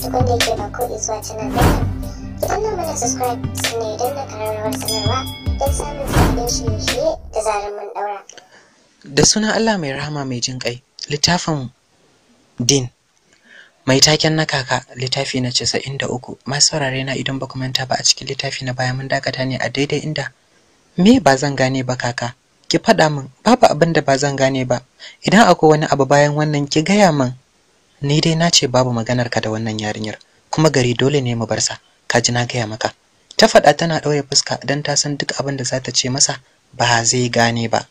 duk wanda yake ba ko zuwa canal ɗin ki danna mana subscribe sannan ya danna ƙararrawar sanarwa don samun sabbin shirye-shirye da zarar mun ɗaura. da sunan Allah mai rahama mai jin ƙai littafin din mai taken na kaka littafi na casa'in da uku masu saurare na idan ba ku manta ba a cikin littafi na baya mun dakata ne a daidai inda me ba zan gane ba kaka ki faɗa min babu abin da ba zan gane ba idan akwai wani abu bayan wannan ki gaya min ni dai na ce babu maganar ka da wannan yarinyar kuma gari dole ne mu bar sa ka ji na gaya maka ta faɗa tana ɗaure fuska dan ta san duk abin da za ta ce masa ba zai gane ba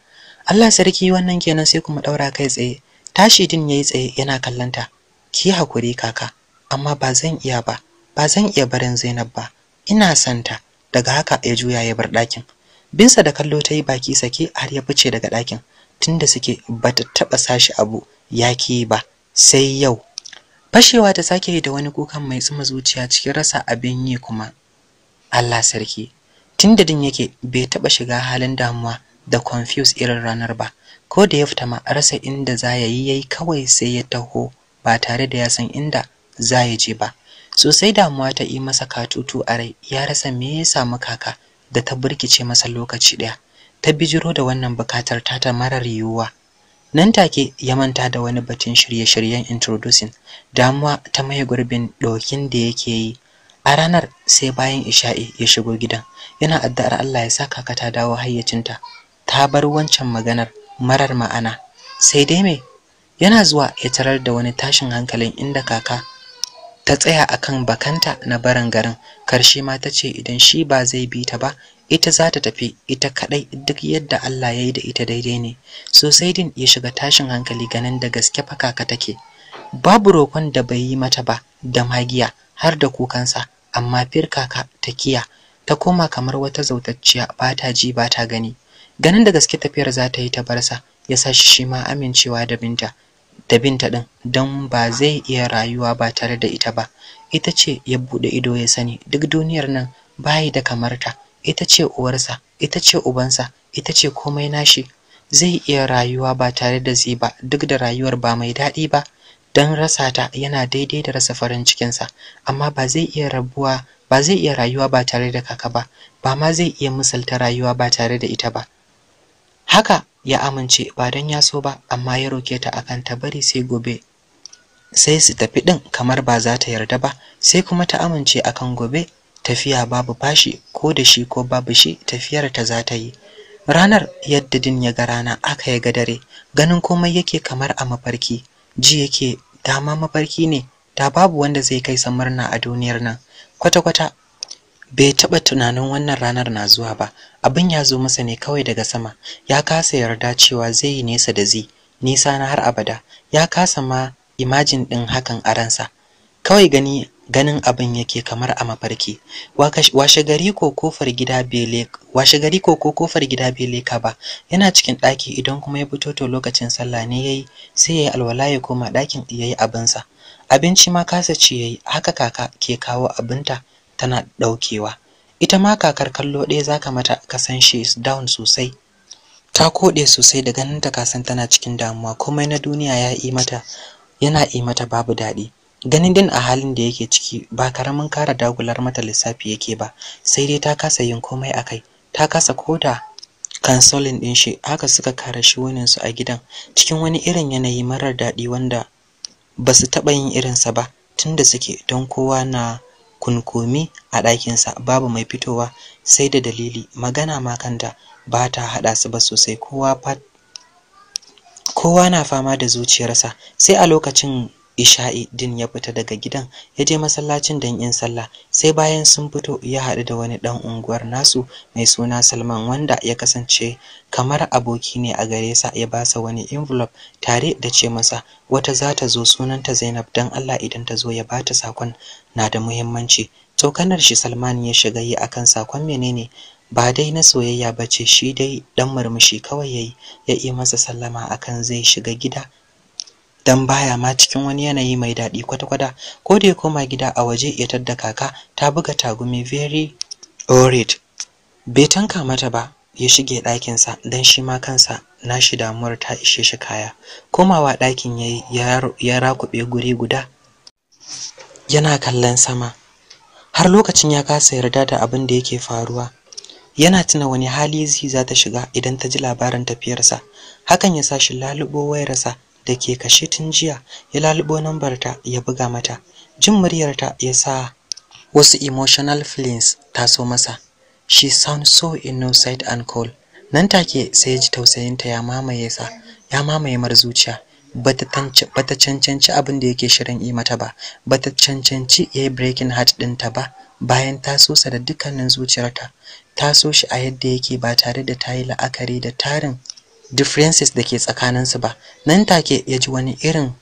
Allah sarki wannan kenan sai kuma ɗaura kai tsaye tashi din yayi tsaye yana kallanta ki hakuri kaka amma ba zan iya ba ba zan iya barin Zainab ba ina santa daga haka ya juya ya bar ɗakin binsa da kallo ta yi baki sake har ya fice daga ɗakin tunda suke bata taɓa sashi abu yaki ba sai yau fashewa ta sake yi da wani kukan mai tsuma zuciya cikin rasa abin yi kuma Allah sarki tunda din yake bai taba shiga halin damuwa da confuse irin ranar ba ko da ya fita ma rasa inda za ya yi yayi kawai sai ya taho ba tare da ya san inda za ya je ba sosai damuwa ta yi masa katutu a rai ya rasa me ya samu kaka da ta burkice masa lokaci daya ta bijiro da wannan bukatar ta ta marar yiwuwa nan take ya manta da wani batun shirye-shiryen introducing damuwa ta maye gurbin dokin da yake yi a ranar sai bayan isha'i ya shigo gidan yana addu'ar Allah ya saka ka ta dawo hayyacinta ta bar wancan maganar marar ma'ana sai dai me yana zuwa ya tarar da wani tashin hankalin inda kaka ta tsaya akan bakanta na barin garin karshe ma ta ce idan shi ba zai bi ta ba ita za ta tafi ita kadai duk yadda Allah ya yi da ita daidai ne sosai din ya shiga tashin hankali ganin da gaske fakaka take babu roƙon da bai yi mata ba da magiya har da kukansa amma firkaka ta kiya ta koma kamar wata zautacciya ba ta ji ba ta gani ganin da gaske tafiyar za ta yi ta barsa ya sa shi shi ma amincewa da binta da binta din don ba zai iya rayuwa ba tare da ita ba ita ce ya buɗe ido ya sani duk duniyar nan bayi da kamarta ita ce uwarsa ita ce ubansa ita ce komai nashi zai iya rayuwa ba tare da ba duk da rayuwar ba mai daɗi ba don rasa ta yana daidai da rasa farin cikinsa amma ba zai iya rabuwa ba zai iya rayuwa ba tare da kaka ba ba ma zai iya misalta rayuwa ba tare da ita ba haka ya amince ba don ya so ba amma ya roke ta akan ta bari sai gobe sai su tafi ɗin kamar ba za ta yarda ba sai kuma ta amince akan gobe tafiya babu fashi ko da shi ko babu shi tafiyar ta za ta yi ranar yadda din ya ga rana aka ya ga dare ganin komai yake kamar a mafarki ji yake dama mafarki ne da babu wanda zai kai sa murna a duniyar nan kwata-kwata bai taɓa tunanin wannan ranar na zuwa ba abin ya zo masa ne kawai daga sama ya kasa yarda cewa zai yi nesa da zi nisa na har abada ya kasa ma imajin ɗin hakan a ransa kawai gani ganin abin yake kamar a mafarki washe gari ko kofar gida bai washe ba yana cikin ɗaki idan kuma ya fito to lokacin sallah ne yayi sai yayi alwala ya koma ɗakin yayi abinsa abinci ma kasa ci yayi haka kaka ke kawo abinta tana ɗaukewa ita ma kakar kallo ɗaya zaka mata ka san she is down sosai ta koɗe sosai da ganin ta kasan tana cikin damuwa komai na duniya ya yi mata yana yi mata babu daɗi ganin din a halin da yake ciki ba karamin kara dagular mata lissafi yake ba sai dai ta kasa yin komai a kai, ta kasa koda kansolin din shi haka suka kare shi wani su a gidan cikin wani irin yanayi marar daɗi wanda ba su taɓa yin irinsa ba tunda suke don kowa na kunkumi a ɗakinsa babu mai fitowa sai da dalili magana ma kanta ba ta haɗa su ba sosai kowa na fama da zuciyarsa sai a lokacin isha'i din ya fita daga gidan ya je masallacin don yin sallah sai bayan sun fito ya haɗu da wani ɗan unguwar nasu mai suna salman wanda ya kasance kamar aboki ne a gare sa ya basa wani envelope tare da ce masa wata za ta zo sunanta zainab dan allah idan ta zo ya bata sakon na da muhimmanci tsokanar shi salman ya shiga yi akan sakon menene ba dai na soyayya ba ce shi dai dan murmushi kawai yayi ya yi masa sallama akan zai shiga gida dan baya ma cikin wani yanayi mai daɗi kwata-kwata ko da ya koma gida a waje ya tadda kaka ta buga tagumi very worried bai tanka mata ba ya shige ɗakinsa don shi ma kansa na nashi damuwar ta ishe shi kaya komawa ɗakin ya ya rakuɓe guri guda yana kallon sama har lokacin ya kasa yarda da abin da yake faruwa yana tuna wani hali zai za ta shiga idan ta ji labarin tafiyarsa hakan ya sa shi lalubo wayarsa da ke kashe tun jiya ya lalubo nambarta ya buga mata jin muryarta ya sa wasu emotional feelings so masa she sounds so innocent and cold nan take sai ya ji tausayinta ya mamaye sa ya mamaye mar zuciya bata cancanci abin da yake shirin yi mata ba bata cancanci ya yi breaking heart ɗinta ba bayan ta sosa da dukkanin zuciyarta ta so shi a yadda yake ba tare da ta yi la'akari da tarin differences da ke tsakaninsu ba nan take ya ji wani irin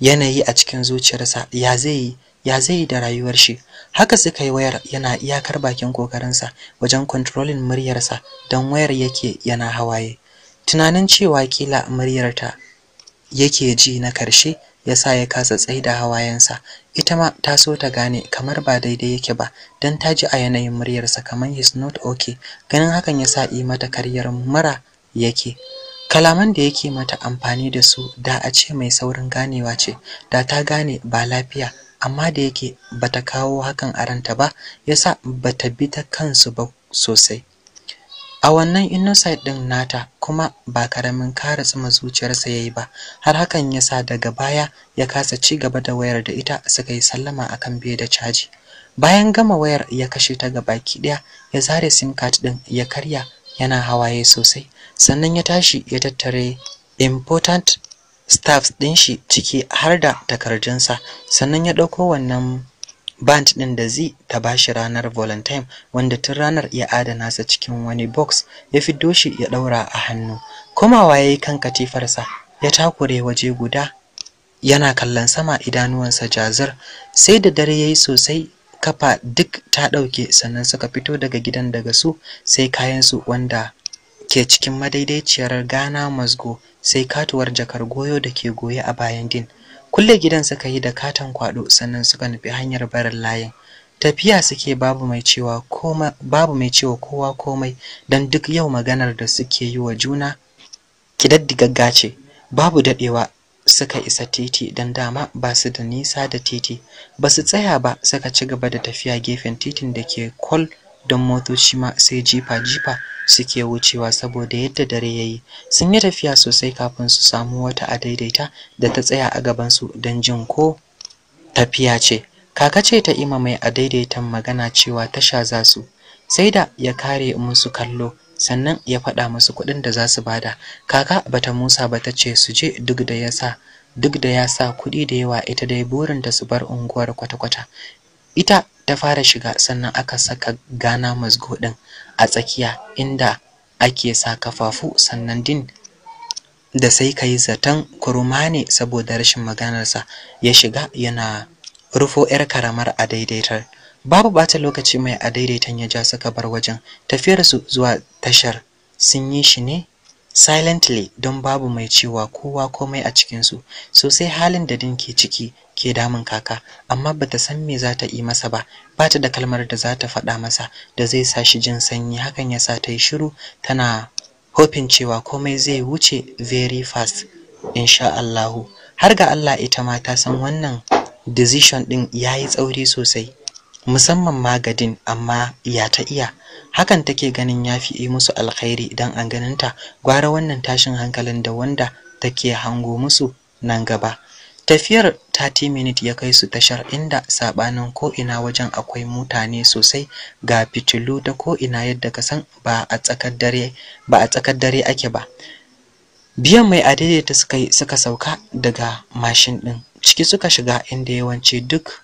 yanayi a cikin zuciyarsa ya zai yi ya zai da rayuwar shi haka suka yi wayar yana iyakar bakin kokarinsa wajen controlling muryarsa don wayar yake yana hawaye tunanin cewa kila muryarta yake ji na karshe ya sa ya kasa tsaida hawayensa ita ma ta so ta gane kamar ba daidai yake ba don ta ji a yanayin muryarsa kamar he's not okay ganin hakan ya sa yi mata karyar mara yake kalaman da yake mata amfani da su da a ce mai saurin ganewa ce da ta gane ba lafiya amma da yake bata kawo hakan a ranta ba yasa bata bi ta kansu ba sosai a wannan innocent din nata kuma ba karamin kara tsima zuciyarsa yayi ba har hakan yasa daga baya ya kasa ci gaba da wayar da ita suka yi sallama akan biye da caji bayan gama wayar ya kashe ta ga baki daya ya zare simkat card din ya karya yana hawaye sosai sannan ya tashi ya tattare important staffs din shi ciki har da takardunsa sannan ya ɗauko wannan band ɗin da zai ta bashi ranar volunteer wanda tun ranar ya adana sa cikin wani box ya fiddo shi ya ɗaura a hannu komawa ya yi kan katifarsa ya takure waje guda yana kallon sama idanuwansa jazir sai da dare ya yi sosai kafa duk ta ɗauke sannan suka fito daga gidan daga su sai kayan su wanda ke cikin madaidaiciyar gana mazgo sai katuwar jakar goyo da ke goye a bayan din kulle gidan suka yi da katon kwado sannan suka nufi hanyar barin layin tafiya suke babu mai cewa koma babu mai cewa kowa komai dan duk yau maganar da suke yi wa juna kidaddigagga babu dadewa suka isa titi don dama ba su da nisa da titi ba su tsaya ba suka ci gaba da tafiya gefen titin da ke kwal don motoci ma sai jifa-jifa suke wucewa saboda yadda dare ya yi sun yi tafiya sosai kafin su samu wata a daidaita da ta tsaya a gabansu don jin ko tafiya ce kaka ce ta ima mai a daidaitan magana cewa tasha za su sai da ya kare musu kallo sannan ya faɗa musu kuɗin da za su bada kaka bata musa ba ta ce su je duk da ya sa duk da ya sa kuɗi da yawa ita dai burin ta su bar unguwar kwata-kwata ita ta fara shiga sannan aka saka gana masgo ɗin a tsakiya inda ake sa kafafu sannan din da sai ka yi zaton kurma ne saboda rashin maganarsa ya shiga yana rufo 'yar karamar a daidaitar babu bata lokaci mai a daidaitan ya ja suka bar wajen tafiyar su zuwa tashar sun yi shi ne silently don babu mai cewa kowa komai a cikin su sosai halin da dinki ciki ke damun kaka amma bata san me za ta yi masa ba bata da kalmar da za ta faɗa masa da zai sa shi jin sanyi hakan ya sa ta yi shiru tana hoping cewa komai zai wuce very fast insha Allahu har ga Allah ita ma ta san wannan decision din yayi tsauri sosai musamman ma magadin amma ya ta iya hakan take ganin ya fi yi musu alkhairi idan an ganinta gwara wannan tashin hankalin da wanda take hango musu nan gaba tafiyar 30 minute ya kai su tashar inda sabanin ko ina wajen akwai mutane sosai ga fitilu da ko ina yadda ka san ba a tsakar dare a tsakar ake ba biyan mai adaidaita suka suka sauka daga mashin ɗin, ciki suka shiga inda yawanci duk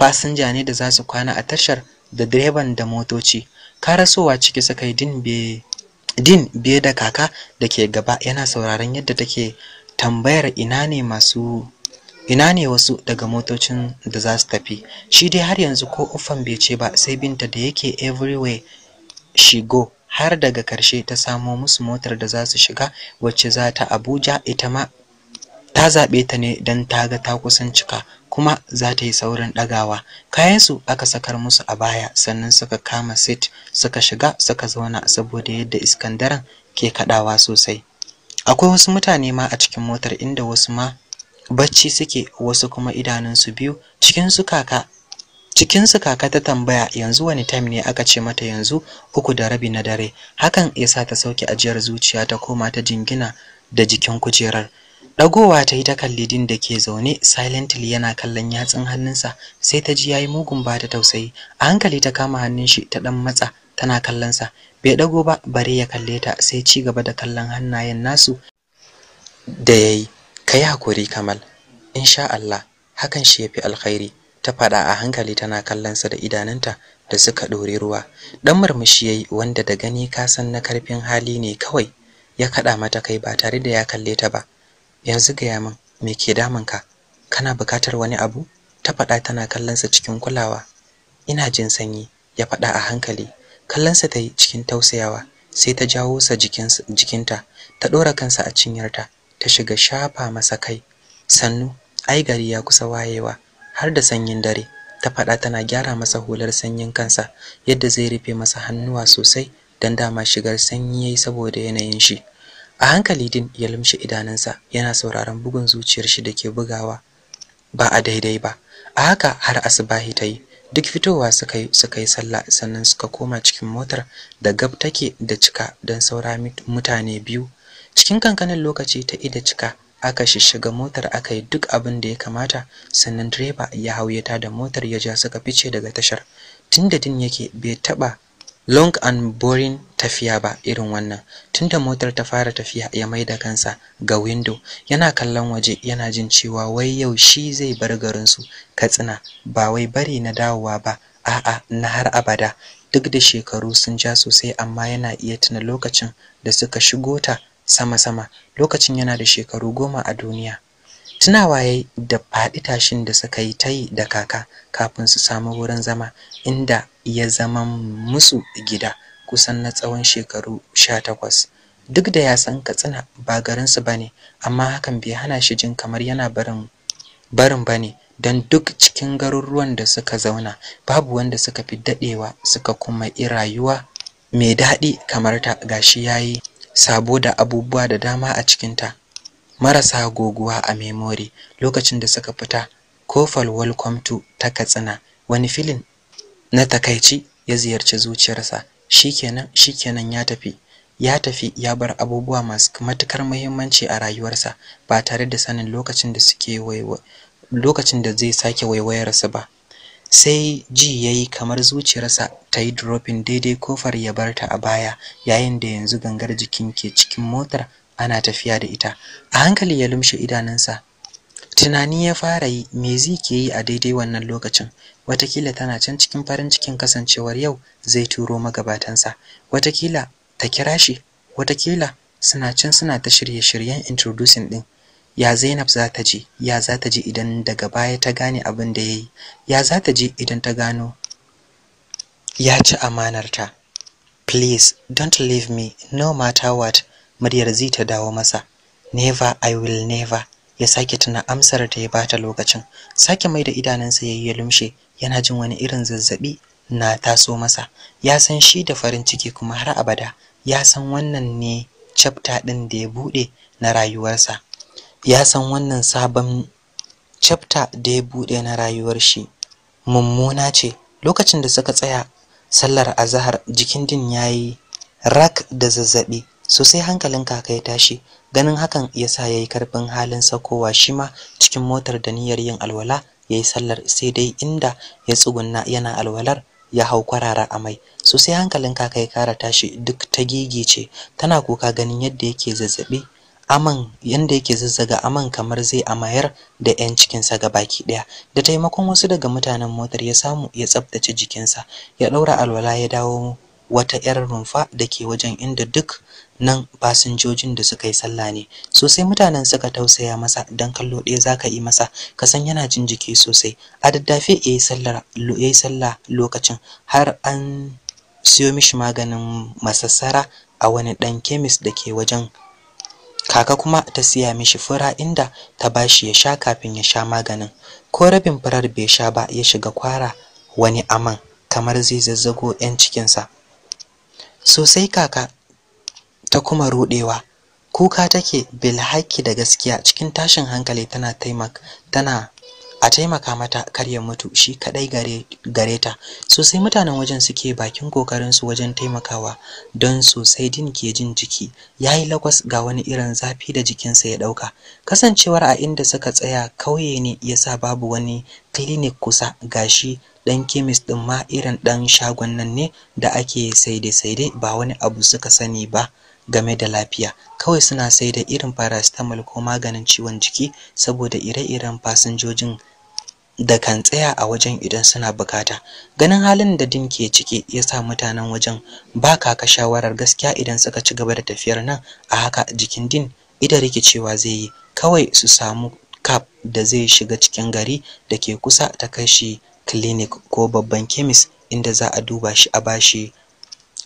fasinja ne da za su kwana a tashar da direban da motoci karasowa ciki suka yi din biye da kaka da ke gaba yana sauraron yadda take tambayar ina ne masu ina ne wasu daga motocin da za su tafi shi dai har yanzu ko ufan bai ce ba sai binta da yake everywhere she go har daga karshe ta samo musu motar da za su shiga wacce za ta abuja ita ma ta zaɓe ta ne don ta ga ta kusan cika kuma za ta yi saurin ɗagawa kayansu aka sakar musu a baya sannan suka kama sit suka shiga suka zauna saboda yadda iskandaran ke kaɗawa sosai akwai wasu mutane ma a cikin motar inda wasu ma bacci suke wasu kuma idanunsu biyu Cikinsu kaka cikin su kaka ta tambaya yanzu wani time ne aka ce mata yanzu uku da rabi na dare hakan yasa ta sauke ajiyar zuciya ta koma ta jingina da jikin kujerar Dagowa ta yi ta kalli din da ke zaune silently yana kallon yatsun hannunsa sai ta ji yayi mugun ba ta tausayi. A hankali ta kama hannun shi ta dan matsa tana kallon sa. Bai dago ba bare ya kalle ta sai ci gaba da kallon hannayen nasu da yayi. Kai hakuri Kamal. Insha Allah hakan shi yafi alkhairi. Ta faɗa a hankali tana kallon sa da idanunta da suka ɗore ruwa. Dan murmushi yayi wanda da gani ka san na karfin hali ne kawai. Ya kaɗa mata kai ba tare da ya kalle ta ba. yanzu gaya min me ke ka kana bukatar wani abu ta faɗa tana kallonsa cikin kulawa ina jin sanyi ya faɗa a hankali kallonsa ta yi cikin tausayawa sai ta jawo sa jikinta ta ɗora kansa a cinyarta ta shiga shafa masa kai sannu ai gari ya kusa wayewa har da sanyin dare ta faɗa tana gyara masa hular sanyin kansa yadda zai rufe masa hannuwa sosai don dama shigar sanyi yi saboda yanayin shi a hankali din ya lumshi idanunsa yana sauraron bugun zuciyar shi dake bugawa ba a daidai ba a haka har asubahi ta yi duk fitowa suka yi suka yi sallah sannan suka koma cikin motar da gab take da cika don saura mutane biyu cikin kankanin lokaci ta ida cika aka shishiga motar aka yi duk abin da ya kamata sannan direba ya hauyata da motar ya ja suka fice daga tashar tunda din yake bai taɓa. long and boring tafiya ba irin wannan tunda motar ta fara tafiya ya mai da kansa ga window yana kallon waje yana jin cewa wai yau shi zai bar garin su katsina ba wai bari na dawowa ba a'a na har abada duk da shekaru sun ja sosai amma yana iya tuna lokacin da suka shigo ta sama-sama lokacin yana da shekaru goma a duniya tunawa ya da faɗi tashin da suka yi ta yi da kaka kafin su samu wurin zama inda Ya zama musu gida kusan na tsawon shekaru sha takwas duk da ya san katsina ba garinsu ba ne amma hakan bai hana shi jin kamar yana barin barin ba ne don duk cikin garuruwan da suka zauna babu wanda suka fi daɗewa suka kuma yi rayuwa mai daɗi kamar ta gashi ya yi sabo da abubuwa da dama a cikinta marasa goguwa a memori lokacin da suka fita kofar welcome to ta katsina wani filin na takaici ya ziyarci zuciyarsa shikenan shikenan ya tafi ya tafi ya bar abubuwa masu matukar muhimmanci a rayuwarsa ba tare da sanin lokacin da suke waiwa lokacin da zai sake waiwayarsa ba sai ji ya yi kamar zuciyarsa ta yi dropin daidai kofar ya bar ta a baya yayin da yanzu gangar jikin ke cikin motar ana tafiya da ita a hankali ya lumshe idanunsa tunani ya fara yi me zai ke yi a daidai wannan lokacin watakila tana can cikin farin cikin kasancewar yau zai turo magabatansa watakila ta kira shi watakila suna can suna ta shirye-shiryen introducing ɗin. ya Zainab za ta ji ya za ta ji idan daga baya ta gane abin da ya yi. ya za ta ji idan ta gano ya ci amanarta please don't leave me no matter what muryar zai ta dawo masa never i will never ya sake tuna amsar da ya bata lokacin sake mai da idanunsa yi ya lumshe yana jin wani irin zazzabi na taso masa ya san shi da farin ciki kuma har abada ya san wannan ne chapter ɗin da ya buɗe na rayuwarsa ya san wannan sabon chapter da ya buɗe na rayuwar shi mummuna ce lokacin da suka tsaya sallar azahar jikin din yayi rak da zazzaɓi sosai hankalin kaka ya tashi ganin hakan yasa yayi karfin halin sakowa shima cikin motar da niyyar yin alwala yayi sallar sai dai inda ya tsugunna yana alwalar ya hau kwarara amai so sai hankalin kaka ya kara tashi duk ta gigice tana kuka ganin yadda yake zazzabi aman yanda yake zazzaga aman kamar zai amayar da yan cikinsa gabaki daya da taimakon wasu daga mutanen motar ya samu ya tsaftace jikinsa ya daura alwala ya dawo wata yar rumfa dake wajen inda duk nan fasinjojin da suka yi sallah ne sosai mutanen suka tausaya masa dan kallo ɗaya zaka yi masa ka san yana jin jiki sosai a daddafe yayi sallar yayi sallah lokacin har an siyo mishi maganin masassara a wani dan kemis da ke wajen kaka kuma ta siya mishi fura inda ta bashi ya sha kafin ya sha maganin ko rabin furar bai sha ba ya shiga kwara wani aman kamar zai zazzago 'yan cikinsa sosai kaka ta kuma ruɗewa, kuka take bilhaki da gaskiya cikin tashin hankali tana taimaka tana a taimaka mata karya mutu shi kadai gare gareta sosai mutanen wajen suke bakin kokarin su wajen taimakawa don sosai din ke jin jiki yayi lakwas ga wani irin zafi da jikinsa ya dauka kasancewar a inda suka tsaya kauye ne yasa babu wani clinic kusa gashi dan chemist din ma irin dan shagon nan ne da ake saide saide ba wani abu suka sani ba game da lafiya kawai suna sai da irin paracetamol ko maganin ciwon jiki saboda ire-iren fasinjojin da kan tsaya a wajen idan suna bukata ganin halin da din ke ciki ya sa mutanen wajen ba kaka shawarar gaskiya idan suka ci gaba da tafiyar nan a haka jikin din ida rikicewa zai yi kawai su samu cap da zai shiga cikin gari da ke kusa ta kai shi clinic ko babban chemist inda za a duba shi a bashi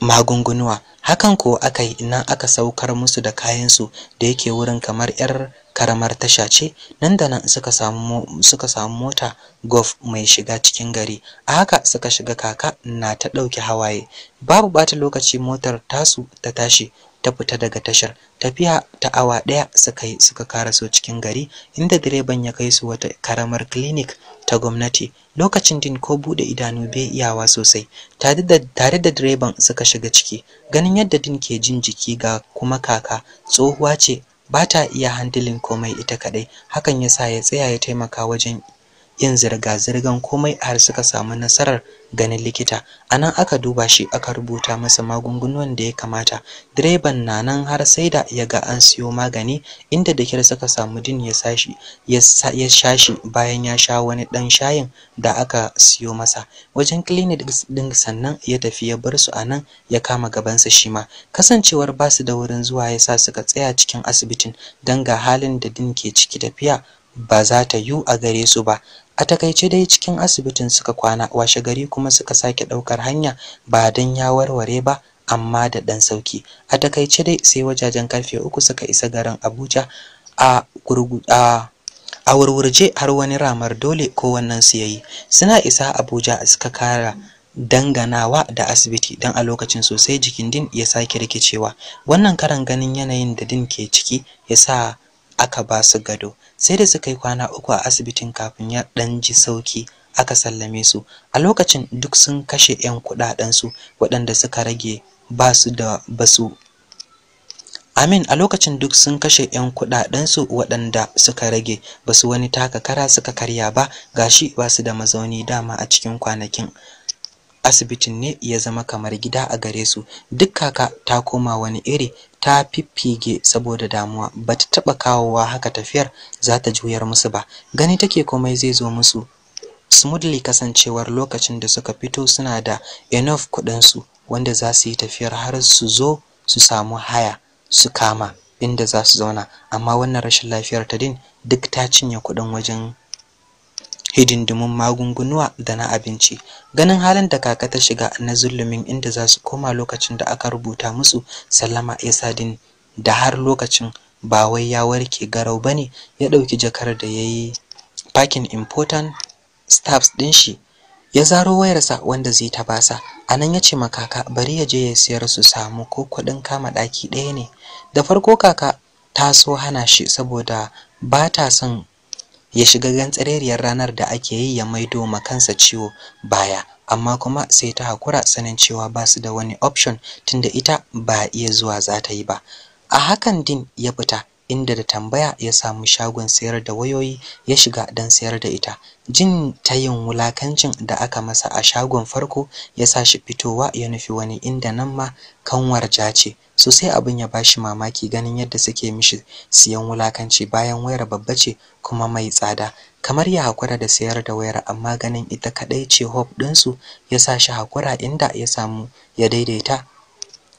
magungunuwa hakan ko aka yi nan aka saukar musu da kayansu da yake wurin kamar 'yar karamar tasha ce nan da nan suka samu suka samu mota golf mai shiga cikin gari a haka suka shiga kaka na ta ɗauki hawaye babu ɓata lokaci motar tasu ta tashi ta fita daga tashar tafiya ta awa ɗaya suka yi suka karaso cikin gari inda direban ya kai su wata karamar clinic ta gwamnati lokacin din ko bude idanu bai iyawa sosai tare da direban suka shiga ciki ganin yadda din ke jin jiki ga kuma kaka tsohuwa ce bata iya handilin komai ita kadai hakan yasa ya tsaya ya taimaka wajen yin zirga-zirgan komai har suka samu nasarar ganin likita a nan aka duba shi aka rubuta masa magungunan da ya kamata direban na nan har sai da ya ga an siyo magani inda da suka samu din ya sashi ya shashi bayan ya sha wani ɗan shayin da aka siyo masa wajen clinic ɗin sannan ya tafi ya bar su a nan ya kama gabansa shi ma kasancewar ba su da wurin zuwa ya sa suka tsaya cikin asibitin dan ga halin da din ke ciki tafiya ba za ta yiwu a gare su ba a takaice dai cikin asibitin suka kwana washe gari kuma suka sake ɗaukar hanya ba don ya warware ba amma da ɗan sauki a takaice dai sai wajajen karfe uku suka isa garin abuja a gurgu a wurwurje har wani ramar dole ko wannan su yayi suna isa abuja suka kara danganawa da asibiti don a lokacin sosai jikin din ya sake rikicewa wannan karan ganin yanayin da din ke ciki ya sa aka ba su gado sai da suka yi kwana uku a asibitin kafin ya ɗan ji sauki aka sallame su a lokacin duk sun kashe 'yan kuɗaɗensu waɗanda suka rage ba su da basu Amin a lokacin duk sun kashe 'yan kuɗaɗensu waɗanda suka rage basu wani taka kara suka karya ba gashi ba su da mazauni dama a cikin kwanakin asibitin ne ya zama kamar gida a gare su duk kaka ta koma wani iri ta fiffige saboda damuwa bata taba kawowa haka tafiyar za ta juyar musu ba gani take komai zai zo musu smoothly kasancewar lokacin da suka fito suna da enough kuɗin su wanda za su yi tafiyar har su zo su samu haya su kama inda za su zauna amma wannan rashin lafiyar ta din duk ta cinye kuɗin wajen hidindimun magungunuwa da na abinci ganin halin da kaka ta shiga na zulumin inda za su koma lokacin da aka rubuta musu sallama ya din da har lokacin ba wai ya warke garau bane ya ɗauki jakar da ya yi packing important staffs ɗin shi ya zaro wayarsa wanda zai ta basa A nan ya ce ma kaka, bari ya je ya siyar su samu ko kuɗin kama ɗaki ɗaya ne da farko kaka ta so hana shi saboda ba ta son ya shiga gantsareriyar ranar da ake yi ya maido ma kansa ciwo baya amma kuma sai ta hakura sanin cewa ba su da wani option tunda ita ba iya zuwa za ta yi ba a hakan din ya fita inda da tambaya ya samu shagon sayar da wayoyi ya shiga don sayar da ita jin tayin wulakancin da aka masa a shagon farko ya sa shi fitowa ya nufi wani inda nan ma kanwar ja ce sosai abin ya ba shi mamaki ganin yadda suke mishi siyan wulakanci bayan wayar babba ce kuma mai tsada kamar ya hakura da sayar da wayar amma ganin ita kadai ce hope ɗinsu ya sa shi hakura inda ya samu ya daidaita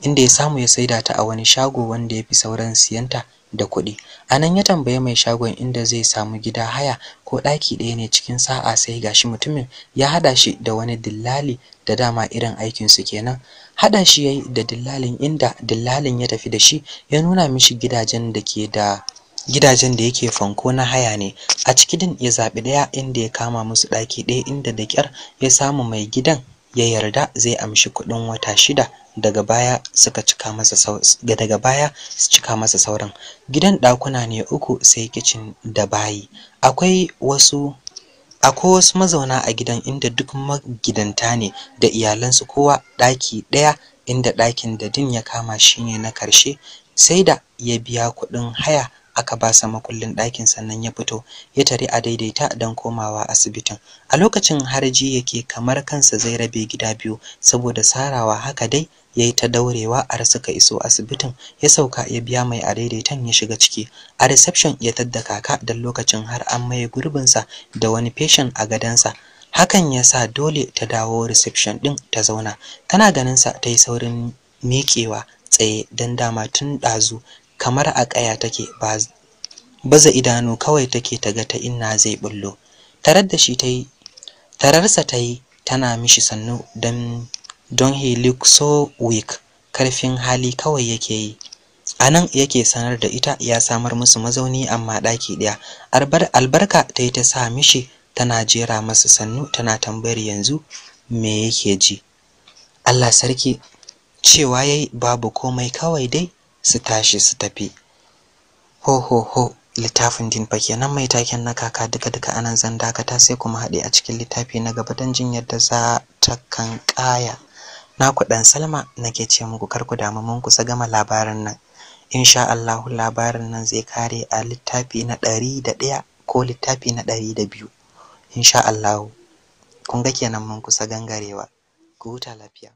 inda ya samu ya saida ta a wani shago wanda ya fi sauran siyanta da kuɗi. A nan ya tambayi mai shagon inda zai samu gida haya ko ɗaki ɗaya ne cikin sa'a sai ga shi mutumin ya haɗa shi da wani dillali da dama irin aikin su kenan. Haɗa shi yayi da dillalin inda dillalin ya tafi da shi ya nuna mishi gidajen da ke da gidajen da yake fanko na haya ne a ciki din ya zaɓi ɗaya inda ya kama musu ɗaki ɗaya inda da ƙyar ya samu mai gidan ya yarda zai amshi kuɗin wata shida daga baya suka cika masa daga baya su cika masa sauran gidan ɗakuna ne uku sai kicin da bayi akwai wasu akwai wasu mazauna a gidan inda duk magidanta ne da iyalansu kowa ɗaki ɗaya inda ɗakin da din ya kama shine na karshe sai da ya biya kuɗin haya aka ba sa makullin ɗakin sannan ya fito ya tare a daidaita don komawa asibitin a lokacin harji yake kamar kansa zai rabe gida biyu saboda sarawa haka dai ya yi ta daurewa a suka iso asibitin ya sauka ya biya mai a daidaitan ya shiga ciki a reception ya tadda kaka don lokacin har an maye gurbinsa da wani patient a gadansa hakan ya sa dole ta dawo reception ɗin ta zauna tana ganinsa ta yi saurin miƙewa tsaye don dama tun ɗazu kamar a ƙaya take baza idanu kawai take ta ga ta inna zai bullo tarar da shi tai tararsa ta tana mishi sannu don don he look so weak karfin hali kawai yake yi anan yake sanar da ita ya samar musu mazauni amma ɗaki ɗaya albarka ta ta sa mishi tana jera masa sannu tana tambayar yanzu me yake ji Allah sarki cewa yayi babu komai kawai dai su tashi su tafi ho ho ho littafin din fa kenan mai taken na kaka duka duka anan zan dakata sai kuma haɗe a cikin littafi na gaba don jin yadda za ta kan kaya na ku dan salma nake ce muku kar ku damu mun kusa gama labarin nan insha Allahu labarin nan zai kare a littafi na ɗari da ɗaya ko littafi na ɗari da biyu insha Allahu kun ga kenan mun kusa gangarewa ku huta lafiya